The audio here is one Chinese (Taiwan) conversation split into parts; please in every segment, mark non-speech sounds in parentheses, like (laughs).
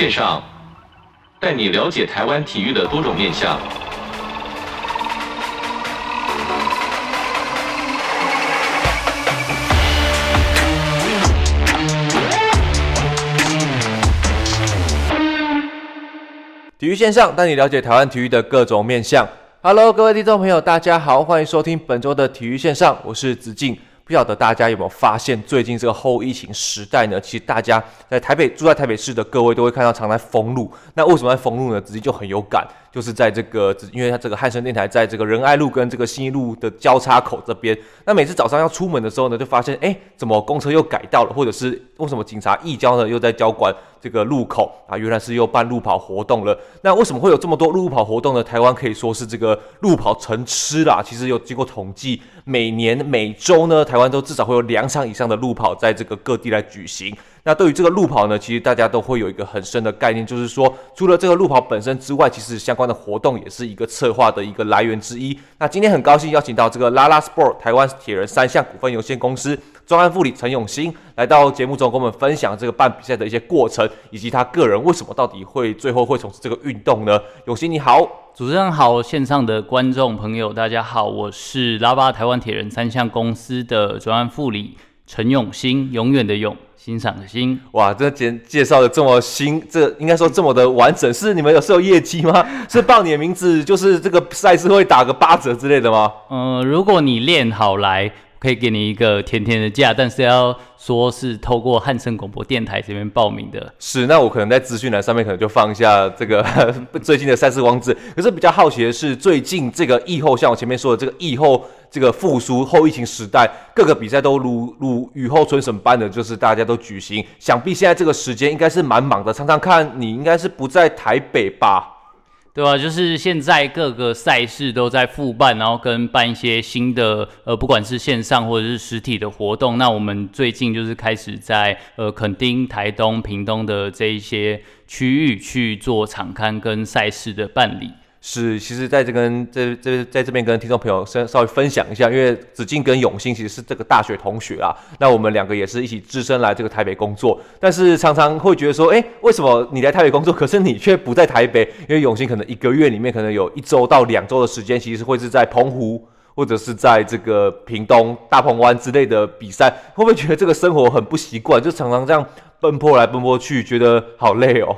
線上帶你了解台灣體育的多種面向。體育線上帶你了解台灣體育的各種面向。Hello，各位聽眾朋友，大家好，歡迎收聽本周的體育線上，我是子敬。不曉得大家有沒有發現，最近這個後疫情時代呢，其實大家在台北住在台北市的各位都會看到常常封路，那為什麼在封路呢？直接就很有感。就是在這個，因為它這個漢聲電台在這個仁愛路跟這個信義路的交叉口這邊。那每次早上要出門的時候呢，就發現，哎，怎麼公車又改道了？或者是為什麼警察一交呢又在交管這個路口啊？原來是又辦路跑活動了。那為什麼會有這麼多路跑活動呢？台灣可以說是這個路跑成痴啦。其實有經過統計，每年每週呢，台灣都至少會有兩場以上的路跑在這個各地來舉行。那對於這個路跑呢，其實大家都會有一個很深的概念，就是說除了這個路跑本身之外，其實相關的活動也是一個策劃的一個來源之一。那今天很高興邀請到這個 LAVA Sport 台灣鐵人三項股份有限公司專案副理陳永欣來到節目中，跟我們分享這個辦比賽的一些過程，以及他個人為什麼到底會最後會從事這個運動呢？永欣你好。主持人好。線上的觀眾朋友大家好，我是 LAVA 台灣鐵人三項公司的專案副理。陳永欣，永遠的永，欣賞的欣。哇，這簡介紹的這麼新，這個、應該說這麼的完整。是你們有是有業績嗎？是報你的名字， (laughs) 就是這個賽事會打個八折之類的嗎？嗯、呃，如果你練好來，可以給你一個甜甜的價，但是要說是透過漢聲廣播電台這邊報名的。是，那我可能在資訊欄上面可能就放一下這個 (laughs) 最近的賽事網址。可是比較好奇的是，最近這個疫後，像我前面說的這個疫後。這個復甦後疫情時代，各個比賽都如如雨後春筍般的，就是大家都舉行，想必現在這個時間應該是蠻忙的。常常看你應該是不在台北吧？對吧？就是現在各個賽事都在復辦，然後跟辦一些新的呃，不管是線上或者是實體的活動。那我們最近就是開始在呃墾丁、台東、屏東的這一些區域去做場勘跟賽事的辦理。是，其實在這跟這這在這邊跟聽眾朋友稍微分享一下，因為子敬跟永欣其實是這個大學同學啊，那我們兩個也是一起只身來這個台北工作，但是常常會覺得說，誒、欸，為什麼你來台北工作，可是你卻不在台北？因為永欣可能一個月裡面可能有一周到兩周的時間，其實會是在澎湖或者是在這個屏東大鵬灣之類的比賽，會不會覺得這個生活很不習慣？就常常這樣奔波來奔波去，覺得好累哦、喔。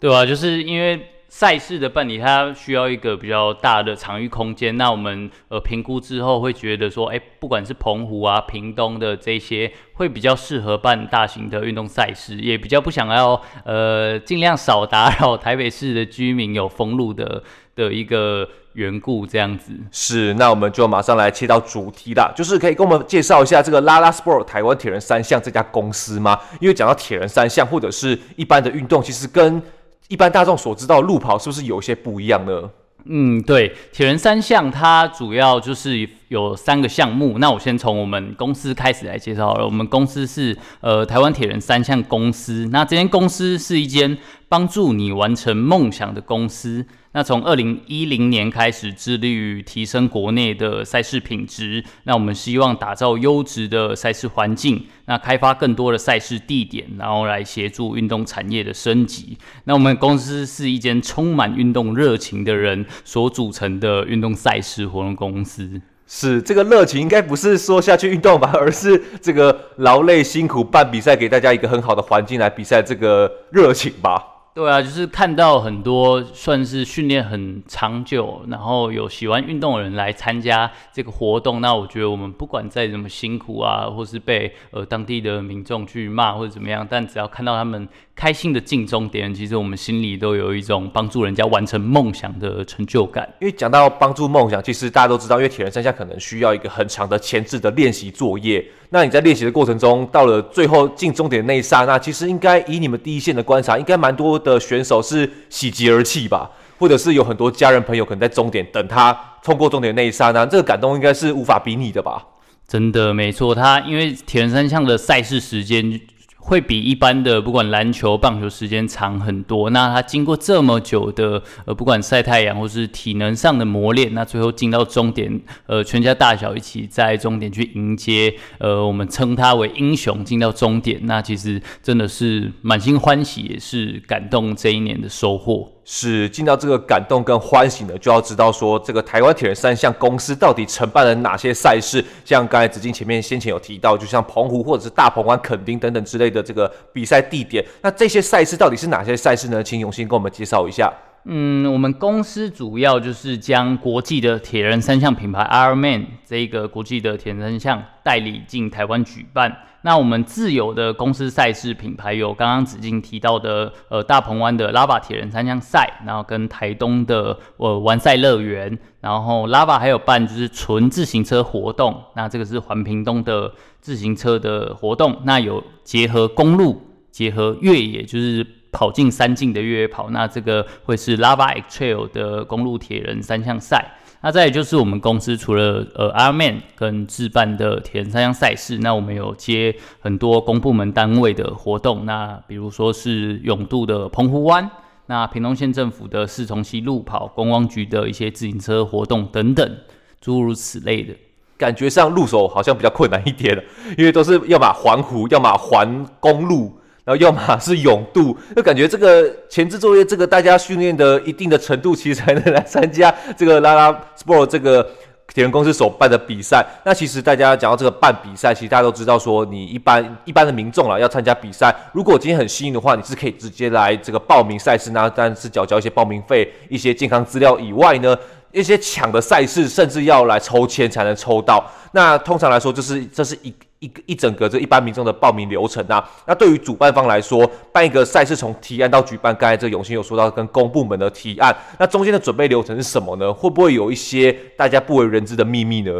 對吧、啊？就是因為。賽事的辦理，它需要一個比較大的場域空間。那我們呃評估之後，會覺得說，哎、欸，不管是澎湖啊、屏東的這些，會比較適合辦大型的運動賽事，也比較不想要呃盡量少打擾台北市的居民有封路的的一個緣故，這樣子是，那我們就馬上來切到主題啦，就是可以跟我們介紹一下這個拉拉斯波 Sport 台灣鐵人三項這家公司嗎？因為講到鐵人三項或者是一般的運動，其實跟一般大眾所知道路跑是不是有一些不一樣呢？嗯，對，鐵人三項它主要就是有三個項目。那我先從我們公司開始來介紹了。我們公司是呃台灣鐵人三項公司。那這間公司是一間幫助你完成夢想的公司。那從二零一零年開始，致力於提升國內的賽事品質。那我們希望打造優質的賽事環境，那開發更多的賽事地點，然後來協助運動產業的升級。那我們公司是一間充滿運動熱情的人所組成的運動賽事活動公司。是這個熱情，應該不是說下去運動吧，而是這個勞累辛苦辦比賽，給大家一個很好的環境來比賽，這個熱情吧。對啊，就是看到很多算是訓練很長久，然後有喜歡運動的人來參加這個活動，那我覺得我們不管再怎麼辛苦啊，或是被呃當地的民眾去罵或者怎麼樣，但只要看到他們。開心的進終點，其實我們心裡都有一種幫助人家完成夢想的成就感。因為講到幫助夢想，其實大家都知道，因為鐵人三項可能需要一個很長的前置的練習作業。那你在練習的過程中，到了最後進終點那一剎那，其實應該以你們第一線的觀察，應該蠻多的選手是喜極而泣吧，或者是有很多家人朋友可能在終點等他通過終點那一剎那，這個感動應該是無法比擬的吧？真的，沒錯，他因為鐵人三項的賽事時間。會比一般的不管籃球、棒球時間長很多。那他經過這麼久的呃，不管曬太陽或是體能上的磨練，那最後進到終點，呃，全家大小一起在終點去迎接，呃，我們稱他為英雄，進到終點，那其實真的是滿心歡喜，也是感動這一年的收穫。是進到這個感動跟歡喜呢，就要知道說這個台灣鐵人三項公司到底承辦了哪些賽事？像剛才子敬前面先前有提到，就像澎湖或者是大鵬灣墾丁等等之類的這個比賽地點，那這些賽事到底是哪些賽事呢？請永欣跟我們介紹一下。嗯，我們公司主要就是將國際的鐵人三項品牌 Ironman 這一個國際的鐵人三項代理進台灣舉辦。那我們自有的公司賽事品牌有剛剛子敬提到的，呃，大鵬灣的 Lava 鐵人三項賽，然後跟台東的呃玩賽樂園，然後 Lava 還有辦就是純自行車活動，那這個是環屏東的自行車的活動，那有結合公路，結合越野，就是。跑進三進的越野跑，那這個會是 Lava X Trail 的公路鐵人三項賽。那再也就是我們公司除了呃 Ironman 跟自辦的鐵人三項賽事，那我們有接很多公部門單位的活動，那比如說是泳渡的澎湖灣，那屏東縣政府的四重溪路跑，觀光局的一些自行車活動等等，諸如此類的。感覺上入手好像比較困難一點了，因為都是要嘛環湖，要嘛環公路。然後要嘛是泳渡，就感覺這個前置作業，這個大家訓練的一定的程度，其實才能來參加這個 LAVA sport 這個鐵人公司所辦的比賽。那其實大家講到這個辦比賽，其實大家都知道說，你一般一般的民眾啦，要參加比賽，如果今天很幸運的話，你是可以直接來這個報名賽事，那當然是繳交一些報名費、一些健康資料以外呢，一些搶的賽事，甚至要來抽籤才能抽到。那通常來說，就是這是一一個一整個這一般民眾的報名流程啊。那對於主辦方來說，辦一個賽事從提案到舉辦，剛才這永欣有說到跟公部門的提案，那中間的準備流程是什麼呢？會不會有一些大家不為人知的秘密呢？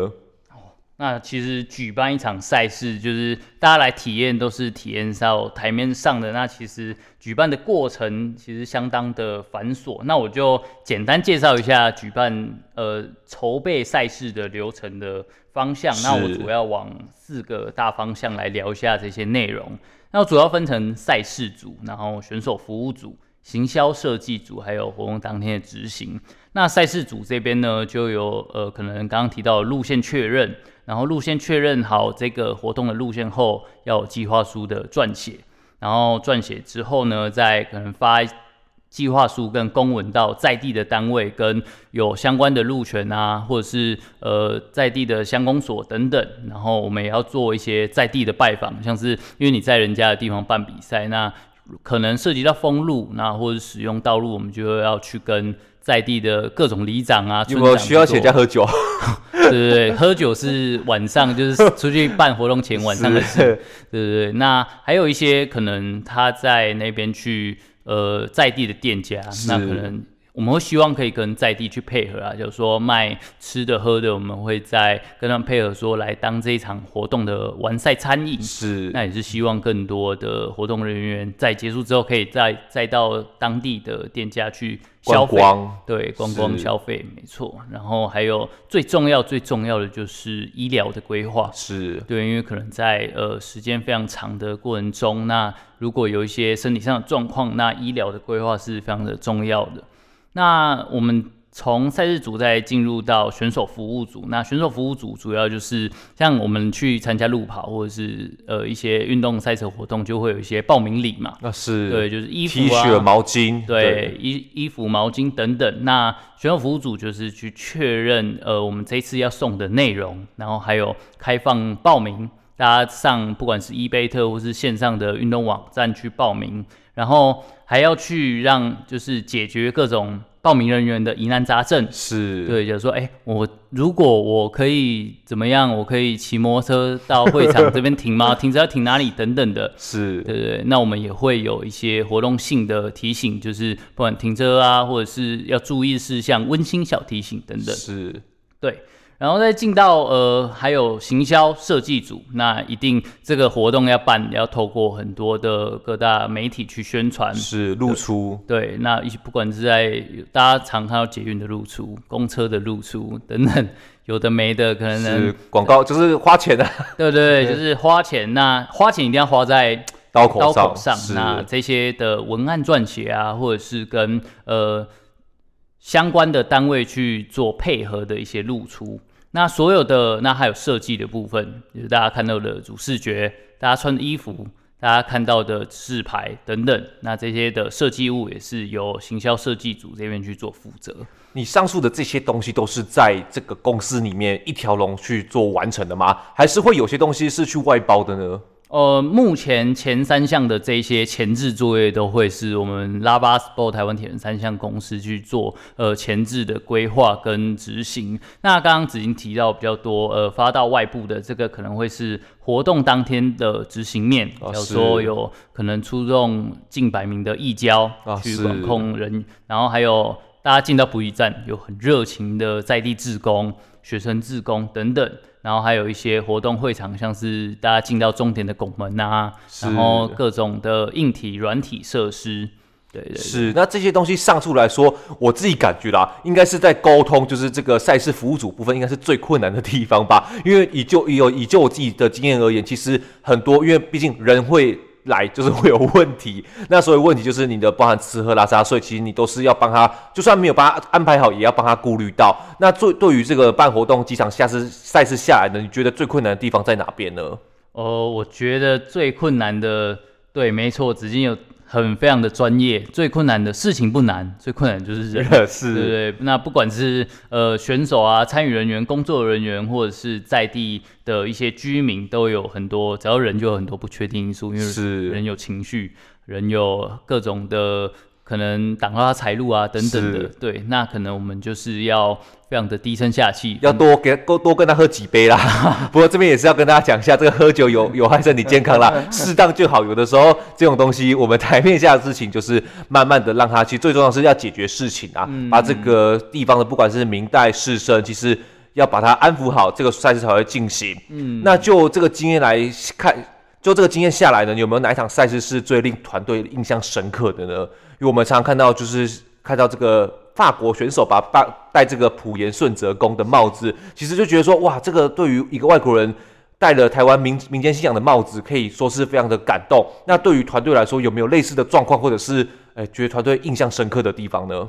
那其實舉辦一場賽事，就是大家來體驗，都是體驗到台面上的。那其實舉辦的過程其實相當的繁瑣。那我就簡單介紹一下舉辦呃籌備賽事的流程的方向。是那我主要往四個大方向來聊一下這些內容。那我主要分成賽事組，然後選手服務組、行銷設計組，還有活動當天的執行。那賽事組這邊呢，就有呃可能剛剛提到的路線確認。然後路線確認好這個活動的路線後，要有計劃書的撰寫。然後撰寫之後呢，再可能發計劃書跟公文到在地的單位，跟有相關的路權啊，或者是呃在地的鄉公所等等。然後我們也要做一些在地的拜訪，像是因為你在人家的地方辦比賽，那。可能涉及到封路，那或者使用道路，我們就要去跟在地的各種里長啊、村長去。有沒有需要請假喝酒、啊， (laughs) (laughs) 對不對？喝酒是晚上，就是出去辦活動前晚上的事，是對不對？那還有一些可能他在那邊去呃在地的店家，是那可能。我們會希望可以跟在地去配合啊，就是說賣吃的喝的，我們會再跟他們配合，說來當這一場活動的完賽餐飲。是。那也是希望更多的活動人員在結束之後，可以再再到當地的店家去消費。光光。對，觀光消費是沒錯。然後還有最重要最重要的就是醫療的規劃。是。對，因為可能在呃時間非常長的過程中，那如果有一些身體上的狀況，那醫療的規劃是非常的重要的。那我們從賽事組再進入到選手服務組，那選手服務組主要就是像我們去參加路跑或者是呃一些運動賽事活動，就會有一些報名禮嘛。那是對，就是衣服、啊、T 恤、毛巾，對，衣衣服、毛巾等等。對那選手服務組就是去確認呃我們這次要送的內容，然後還有開放報名，大家上不管是伊貝特或是線上的運動網站去報名。然後還要去讓就是解決各種報名人員的疑難雜症，是對，就是說，哎，我如果我可以怎麼樣，我可以騎摩托車到會場這邊停嗎？ (laughs) 停車要停哪裡等等的，是對對對。那我們也會有一些活動性的提醒，就是不管停車啊，或者是要注意事項、溫馨小提醒等等，是對。然後再進到呃，還有行銷設計組，那一定這個活動要辦，要透過很多的各大媒體去宣傳。是露出對，那不管是在大家常看到捷運的露出、公車的露出等等，有的沒的，可能能是廣告，呃，就是花錢啊，對不對？對，就是花錢，那花錢一定要花在刀口刀口上，口上那這些的文案撰寫啊，或者是跟呃相關的單位去做配合的一些露出。那所有的，那還有設計的部分，就是大家看到的主視覺、大家穿的衣服、大家看到的指示牌等等，那這些的設計物也是由行銷設計組這邊去做負責。你上述的這些東西都是在這個公司裡面一條龍去做完成的嗎？還是會有些東西是去外包的呢？呃，目前前三項的這些前置作業都會是我們 LAVA Sport 台灣鐵人三項公司去做，呃，前置的規劃跟執行。那剛剛子晴提到比較多，呃，發到外部的這個可能會是活動當天的執行面，啊、是比如說有可能出動近百名的義交去管控人，啊、是然後還有大家進到補給站有很熱情的在地志工、學生志工等等。然後還有一些活動會場，像是大家進到終點的拱門啊，是然後各種的硬體、軟體設施，對的，是那這些東西上述來說，我自己感覺啦，應該是在溝通，就是這個賽事服務組部分，應該是最困難的地方吧。因為以就以有以就我自己的經驗而言，其實很多，因為畢竟人會。來就是會有問題，那所有問題就是你的包含吃喝拉撒睡，所以其實你都是要幫他，就算沒有幫他安排好，也要幫他顧慮到。那最對對於這個辦活動，機場下次賽事下來呢，你覺得最困難的地方在哪邊呢？哦、呃，我覺得最困難的，對，沒錯，資金有。很非常的專業，最困難的事情不難，最困難就是人，熱事 對不對？那不管是呃選手啊、參與人員、工作人員，或者是在地的一些居民，都有很多，只要人就有很多不確定因素，因為是人有情緒，人有各種的。可能擋到他財路啊，等等的，是對，那可能我們就是要非常的低聲下氣，要多給多多跟他喝幾杯啦。 (laughs) 不過這邊也是要跟大家講一下，這個喝酒有有害身體健康啦，適 (laughs) 當就好。有的時候這種東西，我們檯面下的事情就是慢慢的讓他去。最重要的是要解決事情啊，嗯、把這個地方的不管是明代士紳，其實要把它安撫好，這個賽事才會進行。嗯，那就這個經驗來看，就這個經驗下來呢，有沒有哪一場賽事是最令團隊印象深刻的呢？因為我們常常看到，就是看到這個法國選手把戴這個埔鹽順澤宮的帽子，其實就覺得說，哇，這個對於一個外國人戴了台灣民民間信仰的帽子，可以說是非常的感動。那對於團隊來說，有沒有類似的狀況，或者是誒、哎、覺得團隊印象深刻的地方呢？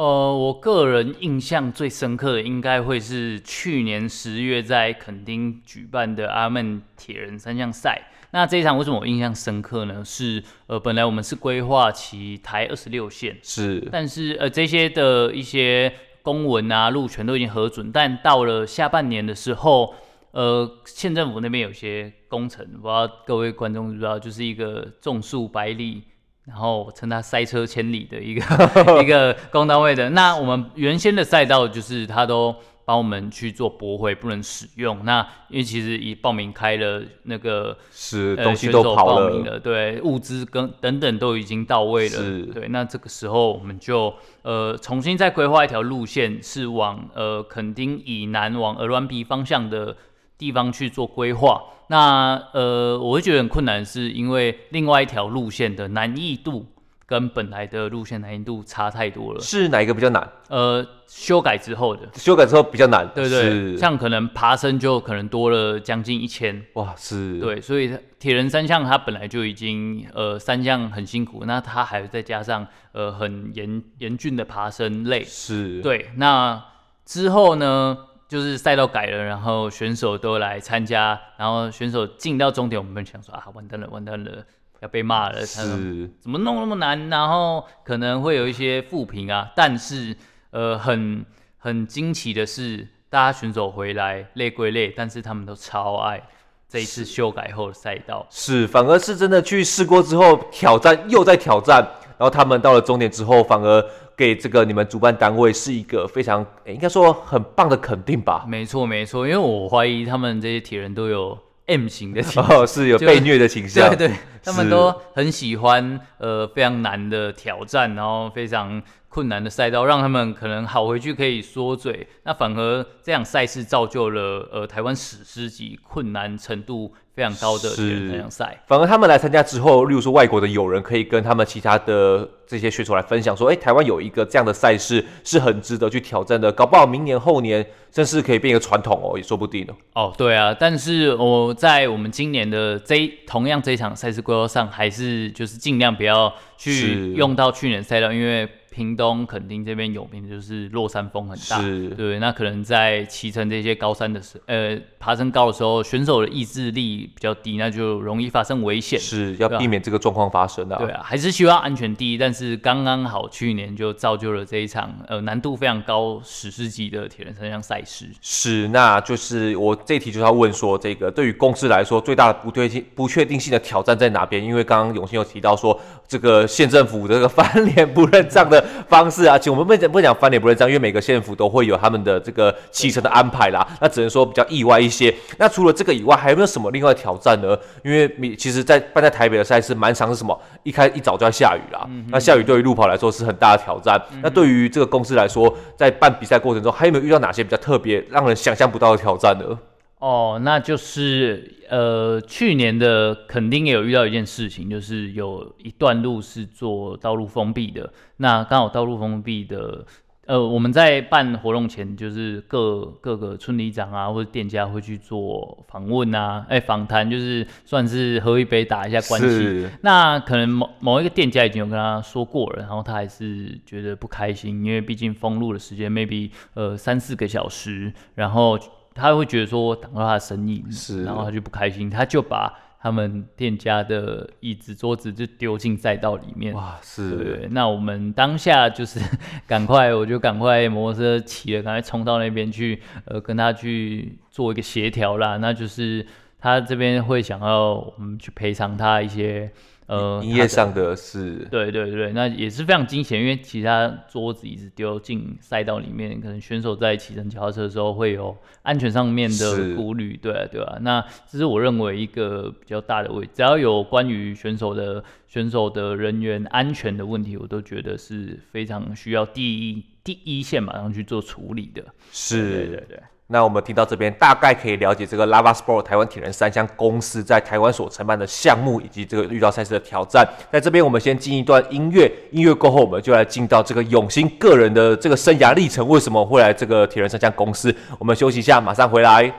呃，我個人印象最深刻的應該會是去年十月在墾丁舉辦的阿曼鐵人三項賽。那這一場為什麼我印象深刻呢？是呃，本來我們是規劃騎台二十六線，是，但是呃這些的一些公文啊路權、都已經核准，但到了下半年的時候，呃，縣政府那邊有些工程，不知道各位觀眾知道，就是一個種樹百里。然後趁他塞車千里的一個 (laughs) 一個公單位的，那我們原先的賽道就是他都幫我們去做駁回，不能使用。那因為其實一報名開了那個是、呃、東西都跑報名了，對，物資跟等等都已經到位了，是對。那這個時候我們就呃重新再規劃一條路線，是往呃墾丁以南往鵝鑾鼻方向的，地方去做規劃，那呃，我會覺得很困難，是因為另外一條路線的難易度跟本來的路線難易度差太多了。是哪一個比較難？呃，修改之後的。修改之後比較難，對不對，對？是，像可能爬升就可能多了將近一千。哇，是。對，所以鐵人三項它本來就已經呃三項很辛苦，那它還再加上呃很嚴嚴峻的爬升累。是。對，那之後呢？就是賽道改了，然後選手都來參加，然後選手進到終點，我們想說，啊，完蛋了，完蛋了，要被罵了，是，怎麼弄那麼難？然後可能會有一些負評啊，但是呃，很很驚奇的是，大家選手回來累歸累，但是他們都超愛這一次修改後的賽道是，是，反而是真的去試過之後挑戰又在挑戰，然後他們到了終點之後反而。給這個你們主辦單位是一個非常，應該說很棒的肯定吧？沒錯，沒錯，因為我懷疑他們這些鐵人都有 M 型的傾向哦，是有被虐的傾向，對對，是他們都很喜歡呃非常難的挑戰，然後非常困難的賽道，讓他們可能好回去可以縮嘴。那反而這場賽事造就了呃台灣史詩級困難程度。非常高的比賽，反而他們來參加之後，例如說外國的友人可以跟他們其他的這些選手來分享，說：“哎、欸，台灣有一個這樣的賽事，是很值得去挑戰的。搞不好明年後年，真是可以變一個傳統哦，也說不定哦。哦，對啊，但是我、哦、在我們今年的這同樣這一場賽事規劃上，還是就是盡量不要去用到去年賽道，因為，屏東墾丁這邊有名，就是落山風很大，是，對，那可能在騎乘這些高山的時，呃，爬升高的時候，選手的意志力比較低，那就容易發生危險，是要避免、啊、這個狀況發生的、啊。對啊，還是希望安全第一。但是剛剛好，去年就造就了這一場，呃，難度非常高、史詩級的鐵人三項賽事。是，那就是我這一題就要問說，這個對於公司來說，最大的不確定不確定性的挑戰在哪邊？因為剛剛永欣有提到說，這個縣政府這個翻臉不認賬的。 (laughs) 方式啊，請我們不講不講翻臉不認賬，因為每個縣府都會有他們的這個行程的安排啦。對那只能說比較意外一些。那除了這個以外，還有沒有什麼另外的挑戰呢？因為你其實在，在辦在台北的賽事，蠻常是什麼？一開一早就要下雨啦。嗯、哼那下雨對於路跑來說是很大的挑戰。嗯、哼那對於這個公司來說，在辦比賽過程中，還有沒有遇到哪些比較特別、讓人想象不到的挑戰呢？哦，那就是呃，去年的肯定也有遇到一件事情，就是有一段路是做道路封閉的。那剛好道路封閉的。呃，我們在辦活動前，就是各各個村里長啊或者店家會去做訪問啊，哎、欸，訪談，就是算是喝一杯打一下關係。是那可能某某一個店家已經有跟他說過了，然後他還是覺得不開心，因為畢竟封路的時間 maybe 呃三四個小時，然後。他會覺得說我擋到他的生意，是，然後他就不開心，他就把他們店家的椅子桌子就丟進賽道裡面。哇，是。那我們當下就是趕快，我就趕快摩托車騎了，趕快衝到那邊去，呃，跟他去做一個協調啦。那就是他這邊會想要我們去賠償他一些。呃，營業上的事的，對對對，那也是非常驚險，因為其他桌子一直丟進賽道裡面，可能選手在騎乘橋車的時候會有安全上面的顧慮，是對啊、對吧、啊？那這是我認為一個比較大的位置，只要有關於選手的選手的人員安全的問題，我都覺得是非常需要第一。第一線馬上去做處理的，是，對對對。那我們聽到這邊，大概可以了解這個 Lava Sport 台灣鐵人三項公司在台灣所承辦的項目，以及這個遇到賽事的挑戰。在這邊，我們先進一段音樂，音樂過後，我們就來進到這個永欣個人的這個生涯歷程，為什麼會來這個鐵人三項公司？我們休息一下，馬上回來。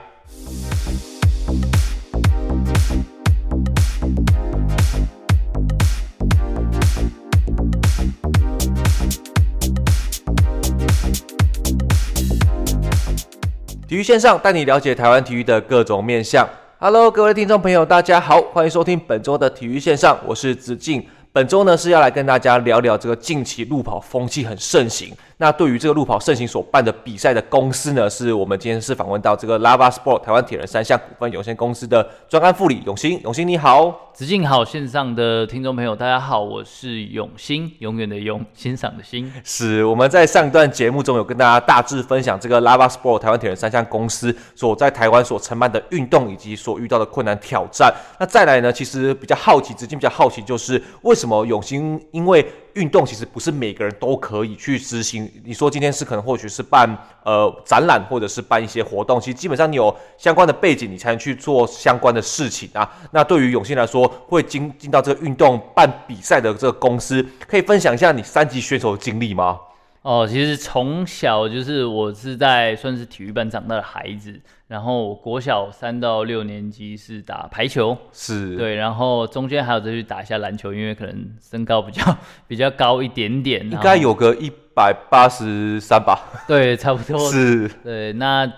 線上帶你了解台灣體育的各種面向。Hello，各位聽眾朋友，大家好，歡迎收聽本周的體育線上，我是子敬。本周呢，是要來跟大家聊聊這個近期路跑風氣很盛行。那對於這個路跑盛行所辦的比賽的公司呢，是我們今天是訪問到這個 Lava Sport 台灣鐵人三項股份有限公司的專案副理永欣。永欣你好。子敬好，線上的聽眾朋友大家好，我是永欣，永遠的永，欣賞的欣。是我們在上一段節目中有跟大家大致分享這個 Lava Sport 台灣鐵人三項公司所在台灣所承辦的運動以及所遇到的困難挑戰。那再來呢，其實比較好奇，子敬比較好奇就是為什麼永欣，因為運動其實不是每個人都可以去執行。你說今天是可能或許是辦呃展覽，或者是辦一些活動，其實基本上你有相關的背景，你才能去做相關的事情啊。那對於永欣來說，會進進到這個運動辦比賽的這個公司，可以分享一下你三級選手的經歷嗎？哦，其實從小就是我是在算是體育班長大的孩子，然後我國小三到六年級是打排球，是，對，然後中間還有再去打一下籃球，因為可能身高比較比較高一點點，應該有個一。百八十三吧，吧，對，差不多是。對，那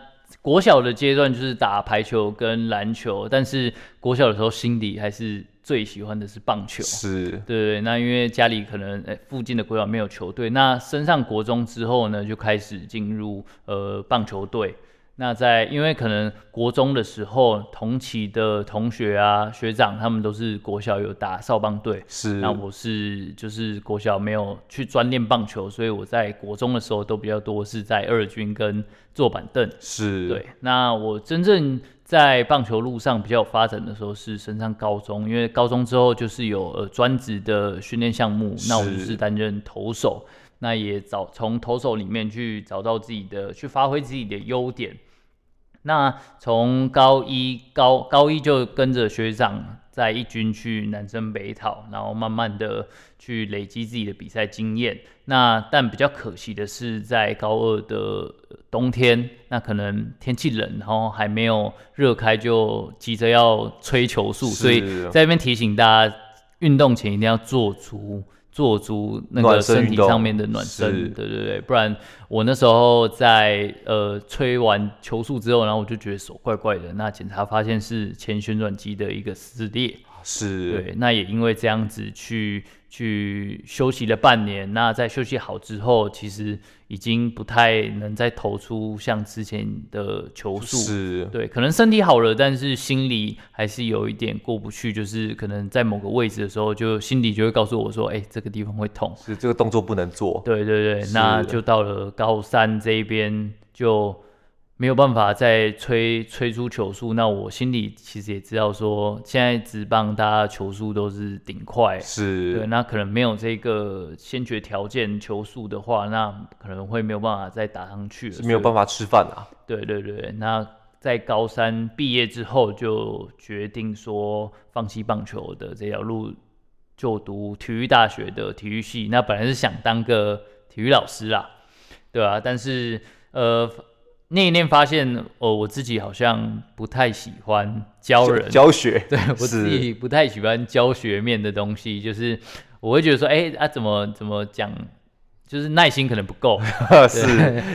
國小的階段就是打排球跟籃球，但是國小的時候，心底還是最喜歡的是棒球。是，對，那因為家裡可能誒、欸、附近的國小沒有球隊，那升上國中之後呢，就開始進入呃棒球隊。那在，因為可能國中的時候，同期的同學啊、學長，他們都是國小有打少棒隊。是。那我是就是國小沒有去專練棒球，所以我在國中的時候都比較多是在二軍跟坐板凳。是對。那我真正在棒球路上比較有發展的時候是升上高中，因為高中之後就是有呃、專職的訓練項目，那我就是擔任投手。那也找從投手裡面去找到自己的，去發揮自己的優點。那從高一高高一就跟着學長在一軍去南征北討，然後慢慢的去累積自己的比賽經驗。那但比較可惜的是，在高二的冬天，那可能天氣冷，然後還沒有熱開，就急着要催球速，的的的所以在這邊提醒大家，運動前一定要做足。做足那個身體上面的暖、暖身，對對對，不然我那時候在呃吹完球速之後，然後我就覺得手怪怪的，那檢查發現是前旋轉肌的一個撕裂，是，對，那也因為這樣子去去休息了半年，那在休息好之後，其實。已經不太能再投出像之前的球速。是對，可能身體好了，但是心裡還是有一點過不去，就是可能在某個位置的時候，就心裡就會告訴我說，哎、欸，這個地方會痛，是這個動作不能做。對對對，是那就到了高三這一邊就。沒有辦法再催催出球速，那我心裡其實也知道，說現在職棒大家球速都是頂快，是對，那可能沒有這個先決條件球速的話，那可能會沒有辦法再打上去。是沒有辦法吃飯啊。對對對，那在高三畢業之後就決定說放棄棒球的這條路，就讀體育大學的體育系，那本來是想當個體育老師啦，對啊，但是呃。念一念，發現哦，我自己好像不太喜歡教人教、教學，對我自己不太喜歡教學面的東西，是，就是我會覺得說，哎、欸、啊，怎，怎麼怎麼講，就是耐心可能不夠， (laughs) 是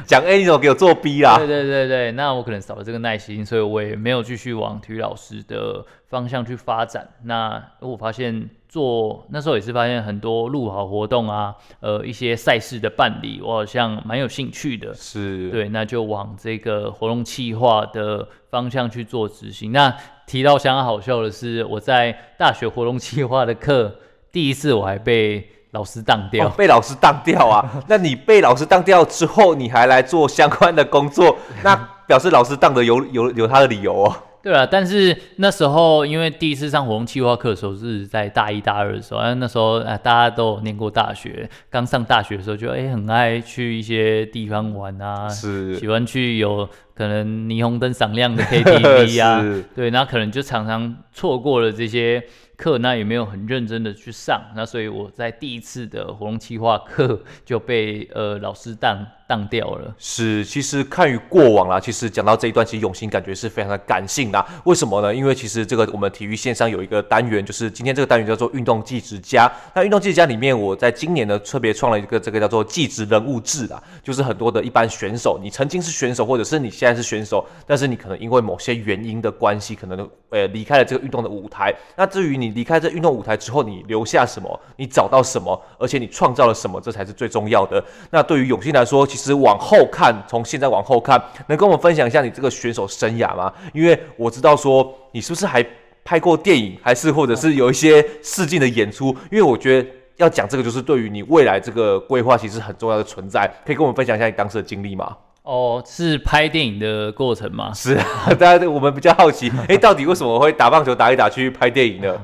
講 A 你怎麼給我做 B 啦？對對對對，那我可能少了這個耐心，所以我也沒有繼續往體育老師的方向去發展。那我發現。做那時候也是發現很多路跑活動啊，呃，一些賽事的辦理，我好像蠻有興趣的。是，對，那就往這個活動企劃的方向去做執行。那提到相當好笑的是，我在大學活動企劃的課第一次我還被老師當掉，哦、被老師當掉啊？ (laughs) 那你被老師當掉之後，你還來做相關的工作，那表示老師當的有有有他的理由哦。對啊，但是那時候因為第一次上活動計劃課的時候是在大一大二的時候，那那時候啊、呃、大家都念過大學，剛上大學的時候就哎很愛去一些地方玩啊，是喜歡去有可能霓虹燈閃亮的 KTV 啊 (laughs) 是對，那可能就常常錯過了這些課，那也沒有很認真的去上，那所以我在第一次的活動計劃課就被呃老師當。盪掉了，是，其實看於過往啦，其實講到這一段，其實永欣感覺是非常的感性的，為什麼呢？因為其實這個我們體育線上有一個單元，就是今天這個單元叫做運動技職家。那運動技職家裡面，我在今年呢特別創了一個這個叫做技職人物誌啦，就是很多的一般選手，你曾經是選手，或者是你現在是選手，但是你可能因為某些原因的關係，可能呃離開了這個運動的舞台。那至於你離開這運動舞台之後，你留下什麼？你找到什麼？而且你創造了什麼？這才是最重要的。那對於永欣來說，其實。是往後看，從現在往後看，能跟我們分享一下你這個選手生涯嗎？因為我知道說你是不是還拍過電影，還是或者是有一些試鏡的演出？因為我覺得要講這個，就是對於你未來這個規劃其實很重要的存在，可以跟我們分享一下你當時的經歷嗎？哦，是拍電影的過程嗎？是啊，大家我們比較好奇，誒、 (laughs) 欸，到底為什麼會打棒球打一打去拍電影呢？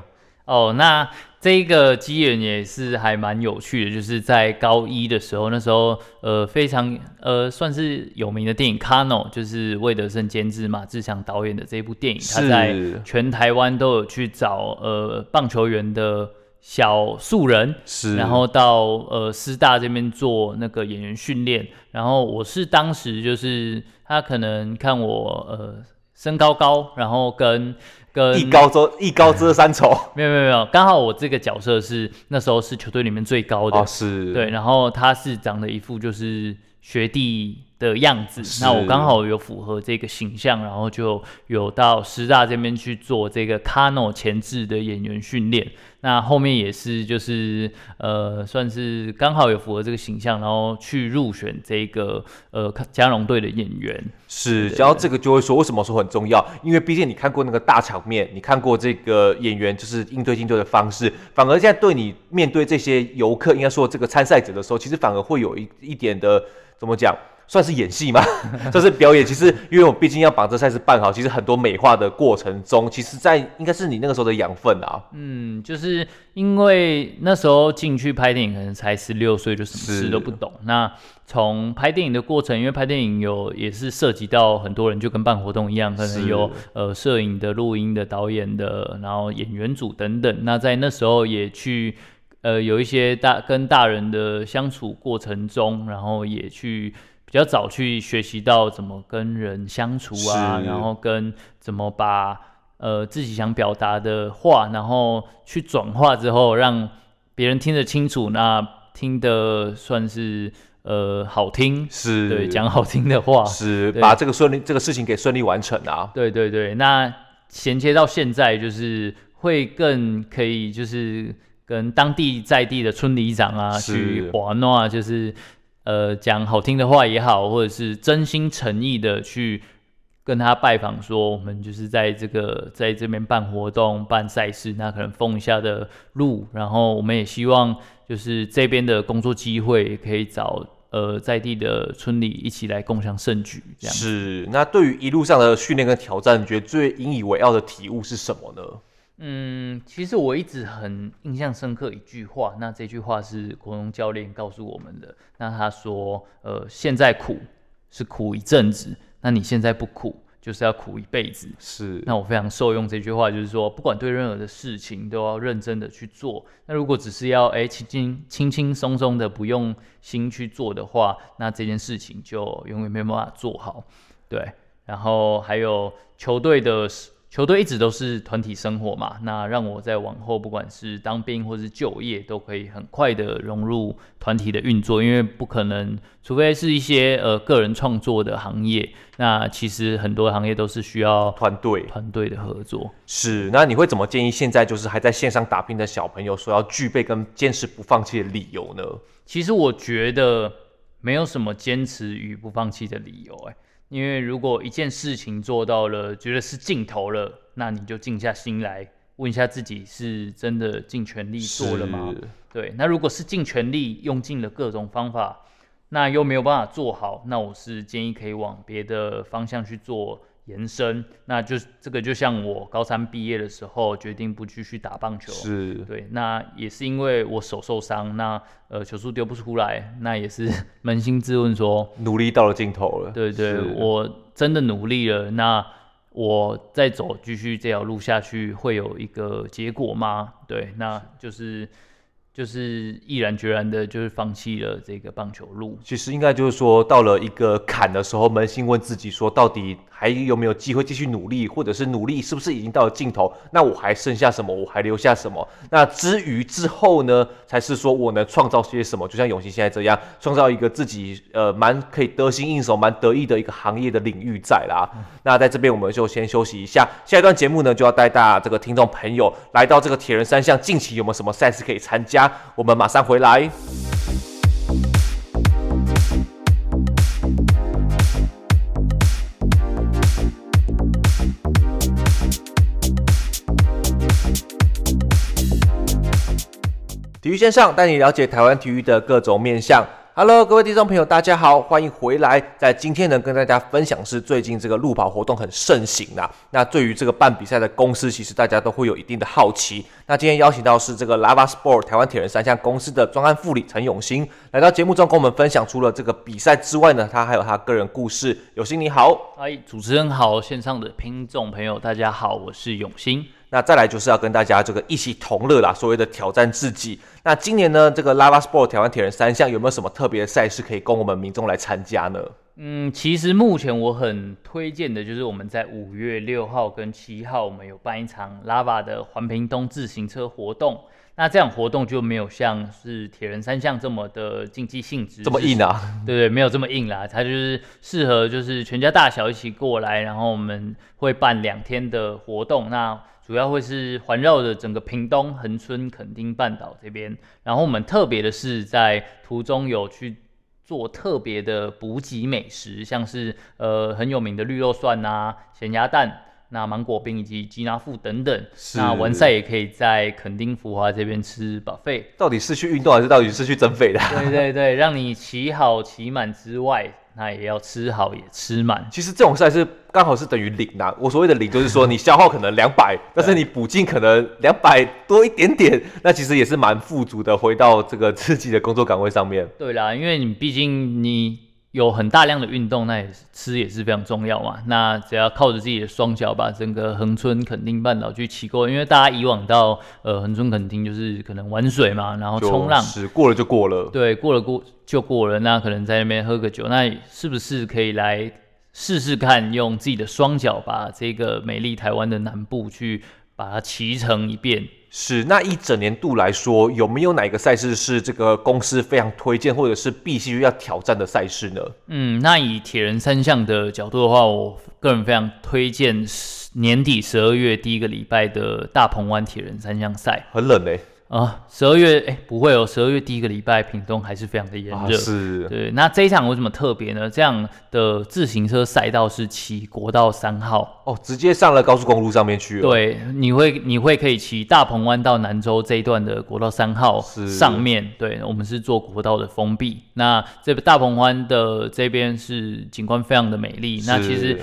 哦，oh, 那這個機緣也是還蠻有趣的，就是在高一的時候，那時候呃非常呃算是有名的電影《KANO》，就是魏德聖監製、馬志翔導演的這一部電影，是他在全台灣都有去找呃棒球員的小素人，是，然後到呃師大這邊做那個演員訓練，然後我是當時就是他可能看我呃身高高，然後跟。一跟高遮一高遮三醜、嗯，沒有沒有沒有，剛好我這個角色是那時候是球隊裡面最高的，哦、是，對，然後他是長的一副就是學弟。的樣子，是那我剛好有符合這個形象，然後就有到師大這邊去做這個卡諾前置的演員訓練。那後面也是就是呃，算是剛好有符合這個形象，然後去入選這個呃嘉農隊的演員。是，然後這個就會說為什麼說很重要？因為畢竟你看過那個大場面，你看過這個演員就是應對應對的方式，反而現在對你面對這些遊客，應該說這個參賽者的時候，其實反而會有一一點的怎麼講？算是演戲嗎？這是表演。其實，因為我畢竟要把這賽事辦好，其實很多美化的過程中，其實在應該是你那個時候的養分啊。嗯，就是因為那時候進去拍電影，可能才十六歲，就什麼事都不懂。是那從拍電影的過程，因為拍電影有也是涉及到很多人，就跟辦活動一樣，可能有是呃攝影的、錄音的、導演的，然後演員組等等。那在那時候也去呃有一些大跟大人的相處過程中，然後也去。比較早去學習到怎麼跟人相處啊，是然後跟怎麼把呃自己想表達的話，然後去轉化之後，讓別人聽得清楚，那聽得算是呃好聽，是對講好聽的話，是對把這個順利這個事情給順利完成啊。對對對，那銜接到現在就是會更可以，就是跟當地在地的村里長啊去玩啊，是就是。呃，講好聽的話也好，或者是真心誠意的去跟他拜訪，說我們就是在這個在這邊辦活動，辦賽事，那可能封一下的路，然後我們也希望就是這邊的工作機會也可以找呃在地的村里一起來共享盛舉這樣子。是，那對於一路上的訓練跟挑戰，嗯、你覺得最引以為傲的體悟是什麼呢？嗯，其實我一直很印象深刻一句話。那這句話是國榮教練告訴我們的。那他說，呃，現在苦是苦一陣子，那你現在不苦，就是要苦一輩子。是。那我非常受用這句話，就是說，不管對任何的事情，都要認真的去做。那如果只是要哎，輕輕輕輕鬆鬆的不用心去做的話，那這件事情就永遠沒有辦法做好。對。然後還有球隊的。球隊一直都是團體生活嘛，那讓我在往後不管是當兵或是就業，都可以很快的融入團體的運作，因為不可能，除非是一些呃個人創作的行業，那其實很多行業都是需要團隊團隊的合作。是，那你會怎麼建議現在就是還在線上打拼的小朋友，所要具備跟堅持不放棄的理由呢？其實我覺得沒有什麼堅持與不放棄的理由。欸，因為如果一件事情做到了，覺得是盡頭了，那你就靜下心來問一下自己，是真的盡全力做了嗎？是對，那如果是盡全力，用盡了各種方法，那又沒有辦法做好，那我是建議可以往別的方向去做。延伸，那就這個就像我高三畢業的時候，決定不繼續打棒球，是對，那也是因為我手受傷，那呃球速丟不出來，那也是捫、嗯、心自問說，努力到了盡頭了，對,對對，是，我真的努力了，那我再走繼續這條路下去，會有一個結果嗎？對，那就是。是就是毅然決然的，就是放棄了這個棒球路。其實應該就是說，到了一個坎的時候，捫心問自己，說到底還有沒有機會繼續努力，或者是努力是不是已經到了盡頭？那我還剩下什麼？我還留下什麼？那之餘之後呢，才是說我能創造些什麼？就像永欣現在這樣，創造一個自己呃蠻可以得心應手、蠻得意的一個行業的領域在啦。嗯、那在這邊我們就先休息一下，下一段節目呢就要帶大這個聽眾朋友來到這個鐵人三項，近期有沒有什麼賽事可以參加？我們馬上回來。體育線上帶你了解台灣體育的各種面向。Hello，各位聽眾朋友，大家好，歡迎回來。在今天呢，跟大家分享是最近這個路跑活動很盛行吶、啊。那對於這個辦比賽的公司，其實大家都會有一定的好奇。那今天邀請到是這個 Lava Sport 台灣鐵人三項公司的專案副理陳永欣來到節目中，跟我們分享除了這個比賽之外呢，他還有他個人故事。永欣，你好。嗨，主持人好，線上的聽眾朋友大家好，我是永欣。那再來就是要跟大家這個一起同樂啦，所謂的挑戰自己。那今年呢，這個 Lava Sport 台灣鐵人三項有沒有什麼特別的賽事可以供我們民眾來參加呢？嗯，其實目前我很推薦的就是我們在五月六號跟七號，我們有辦一場 Lava 的環屏東自行車活動。那這樣活動就沒有像是鐵人三項這麼的競技性質，這麼硬啊？對，對對，沒有這麼硬啦，它就是適合就是全家大小一起過來，然後我們會辦兩天的活動。那主要會是環繞着整個屏東恆春墾丁半島這邊，然後我們特別的是在途中有去做特別的補給美食，像是呃很有名的綠豆蒜啊、鹹鴨蛋、那芒果冰以及吉拿富等等。是那完賽也可以在墾丁福華這邊吃 buffet。到底是去運動還是到底是去增肥的？ (laughs) 對對對，對，讓你騎好騎滿之外。那也要吃好也吃滿，其實這種賽事剛好是等於零啦。我所謂的零就是說，你消耗可能兩百，但是你補進可能兩百多一點點，對那其實也是蠻富足的，回到這個自己的工作崗位上面。對啦，因為你畢竟你。有很大量的運動，那也是吃也是非常重要嘛。那只要靠着自己的雙腳，把整個恆春墾丁半島去騎過，因為大家以往到呃恆春墾丁就是可能玩水嘛，然後衝浪，過了就過了。對，過了過就過了。那可能在那邊喝個酒，那是不是可以來試試看，用自己的雙腳把這個美麗台灣的南部去把它騎成一遍？是，那一整年度來說，有沒有哪一個賽事是這個公司非常推薦，或者是必須要挑戰的賽事呢？嗯，那以鐵人三項的角度的話，我個人非常推薦年底十二月第一個禮拜的大鵬灣鐵人三項賽。很冷嘞、欸。啊，十二月，哎，不會哦，十二月第一個禮拜，屏東還是非常的炎熱。啊、是，對，那這一場有什麼特別呢？這樣的自行車賽道是騎國道三號哦，直接上了高速公路上面去了。對，你會你會可以騎大鵬灣到南州這一段的國道三號上面是對，我們是做國道的封閉。那這個大鵬灣的這邊是景觀非常的美麗。是那其實。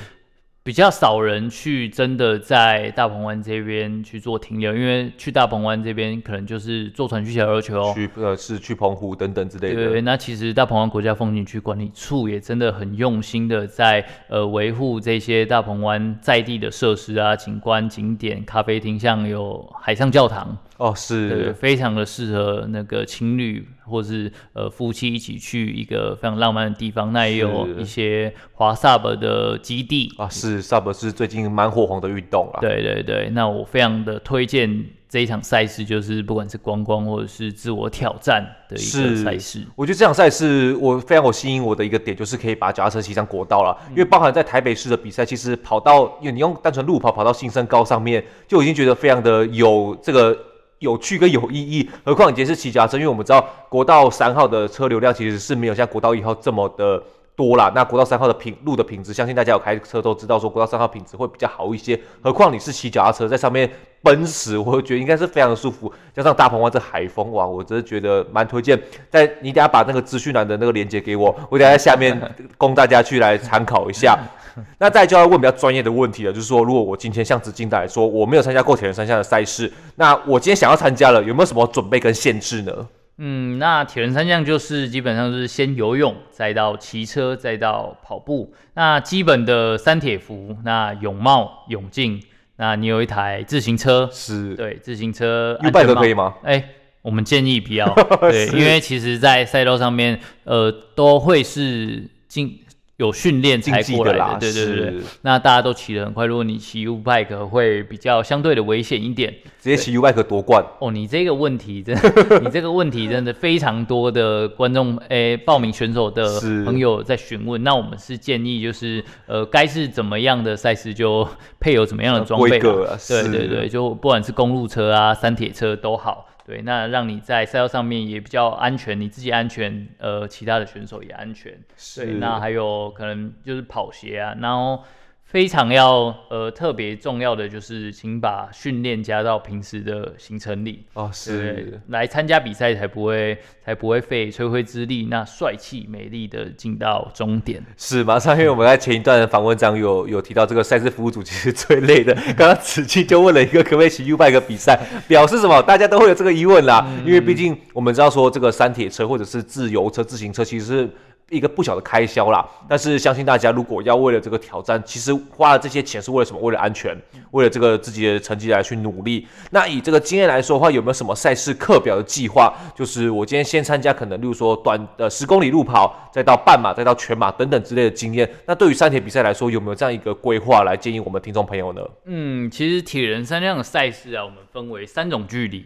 比較少人去，真的在大鵬灣這邊去做停留，因為去大鵬灣這邊可能就是坐船去小琉球，去呃是去澎湖等等之類的。對，那其實大鵬灣國家風景區管理處也真的很用心的在呃維護這些大鵬灣在地的設施啊、景觀景點、咖啡廳，像有海上教堂。哦，是對，非常的適合那個情侶或是呃夫妻一起去一個非常浪漫的地方。那也有一些滑沙的基地啊，是沙巴是最近蠻火紅的運動啊。對對對，那我非常的推薦這一場賽事，就是不管是觀光或者是自我挑戰的一個賽事是。我覺得這場賽事我非常有吸引我的一個點，就是可以把腳踏車騎上國道了，因為包含在台北市的比賽，嗯、其實跑到因為你用單純路跑跑到新生高上面，就已經覺得非常的有這個。有趣跟有意義，何況已經是騎腳踏車，因為我們知道國道三號的車流量其實是沒有像國道一號這麼的多啦。那國道三號的品路的品質，相信大家有開車都知道說，說國道三號品質會比較好一些。何況你是騎腳踏車在上面奔馳，我覺得應該是非常的舒服。加上大鵬灣這海風哇，我真的覺得蠻推薦。但你等下把那個資訊欄的那個鏈接給我，我等下在下面供大家去來參考一下。 (laughs) 那再就要問比較專業的問題了，就是說，如果我今天像紫金來說，我沒有參加過鐵人三項的賽事，那我今天想要參加了，有沒有什麼準備跟限制呢？嗯，那鐵人三項就是基本上就是先游泳，再到騎車，再到跑步，那基本的三鐵服，那泳帽、泳鏡，那你有一台自行車是？對，自行車。YouBike 都可以嗎？哎、欸，我們建議不要， (laughs) 對，是因為其實在賽道上面，呃，都會是進。有訓練才過來的的對對對，是那大家都騎得很快。如果你騎 U bike 會比較相對的危險一點，直接騎 U bike 奪冠哦。你這個問題，真的， (laughs) 你這個問題真的非常多的觀眾哎、欸，報名選手的朋友在詢問。是那我們是建議就是，呃，該是怎麼樣的賽事就配有怎麼樣的裝備。嗯、對對對，是就不管是公路車啊、三鐵車都好。對，那讓你在賽道上面也比較安全，你自己安全，呃，其他的選手也安全。是。對，那還有可能就是跑鞋啊，然後。非常要呃特別重要的就是，請把訓練加到平時的行程裡哦，是來參加比賽才不會才不會費吹灰之力那，那帥氣美麗的進到終點是馬上，因為我們在前一段的訪問中有、嗯、有提到，這個賽事服務組其實最累的。剛剛子期就問了一個，可不可以騎 U bike 比賽，嗯、表示什麼？大家都會有這個疑問啦，嗯、因為畢竟我們知道說這個三鐵車或者是自由車、自行車其實是。一個不小的開銷啦，但是相信大家如果要為了這個挑戰，其實花了這些錢是為了什麼？為了安全，為了這個自己的成績來去努力。那以這個經驗來說的話，有沒有什麼賽事課表的計劃？就是我今天先參加，可能例如說短呃十公里路跑，再到半馬，再到全馬等等之類的經驗。那對於三鐵比賽來說，有沒有這樣一個規劃來建議我們聽眾朋友呢？嗯，其實鐵人三項的賽事啊，我們分為三種距離。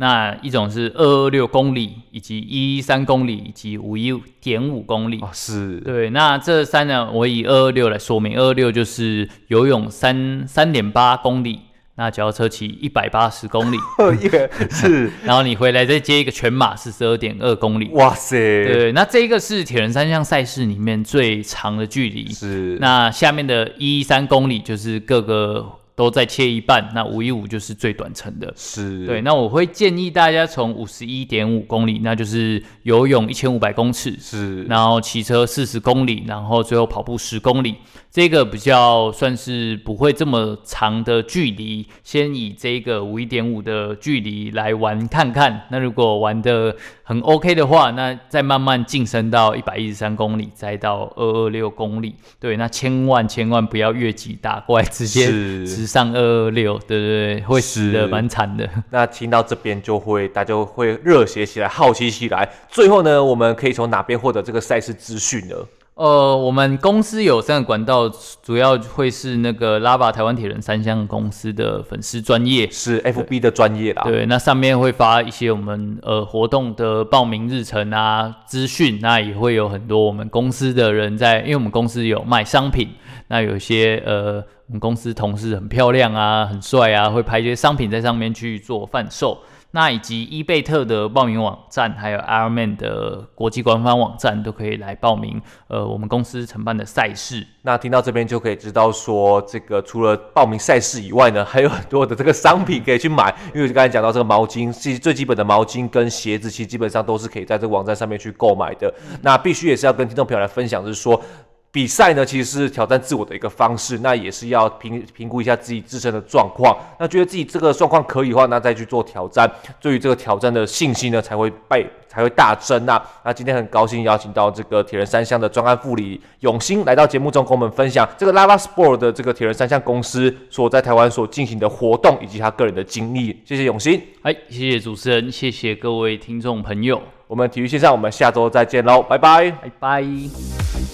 那一種是二二六公里，以及一一三公里，以及五一點五公里啊。是對。那這三呢，我以二二六來說明，二二六就是游泳三三點八公里，那腳踏車騎一百八十公里，一是， (laughs) 然後你回來再接一個全馬是四十二點二公里。哇塞，對，那這個是鐵人三項賽事裡面最長的距離。是，那下面的一一三公里就是各個。都再切一半，那五一五就是最短程的。是對，那我會建議大家從五十一點五公里，那就是游泳一千五百公尺，是，然後騎車四十公里，然後最後跑步十公里，這個比較算是，不會這麼長的距離。先以這個五一點五的距離來玩看看。那如果玩得很 OK 的話，那再慢慢晉升到一百一十三公里，再到二二六公里。對，那千萬千萬不要越級打怪，直接是。上二二六，2 3, 2, 6, 對對對，會死的是蠻慘的。那聽到這邊就會大家會熱血起來，好奇起來。最後呢，我們可以從哪邊獲得這個賽事資訊呢？呃，我們公司有三個管道，主要會是那個 LAVA 台灣鐵人三項公司的粉絲專業，是 FB 的專業啦。對。對，那上面會發一些我們呃活動的報名日程啊、資訊，那也會有很多我們公司的人在，因為我們公司有賣商品，那有一些呃。我們公司同事很漂亮啊，很帥啊，會拍一些商品在上面去做販售。那以及伊貝特的報名網站，還有 IRONMAN 的國際官方網站，都可以來報名。呃，我們公司承辦的賽事。那聽到這邊就可以知道說，說這個除了報名賽事以外呢，還有很多的這個商品可以去買。因為剛才講到這個毛巾，其實最基本的毛巾跟鞋子，其實基本上都是可以在這個網站上面去購買的。嗯、那必須也是要跟聽眾朋友來分享，就是說。比賽呢，其實是挑戰自我的一個方式，那也是要評評估一下自己自身的狀況，那覺得自己這個狀況可以的話，那再去做挑戰，對於這個挑戰的信心呢才會倍才會大增啊！那今天很高興邀請到這個鐵人三項的專案副理永欣來到節目中，跟我們分享這個 LAVA Sport 的這個鐵人三項公司所在台灣所進行的活動以及他個人的經歷。謝謝永欣，哎，謝謝主持人，謝謝各位聽眾朋友，我們體育線上，我們下周再見嘍，拜拜，拜拜。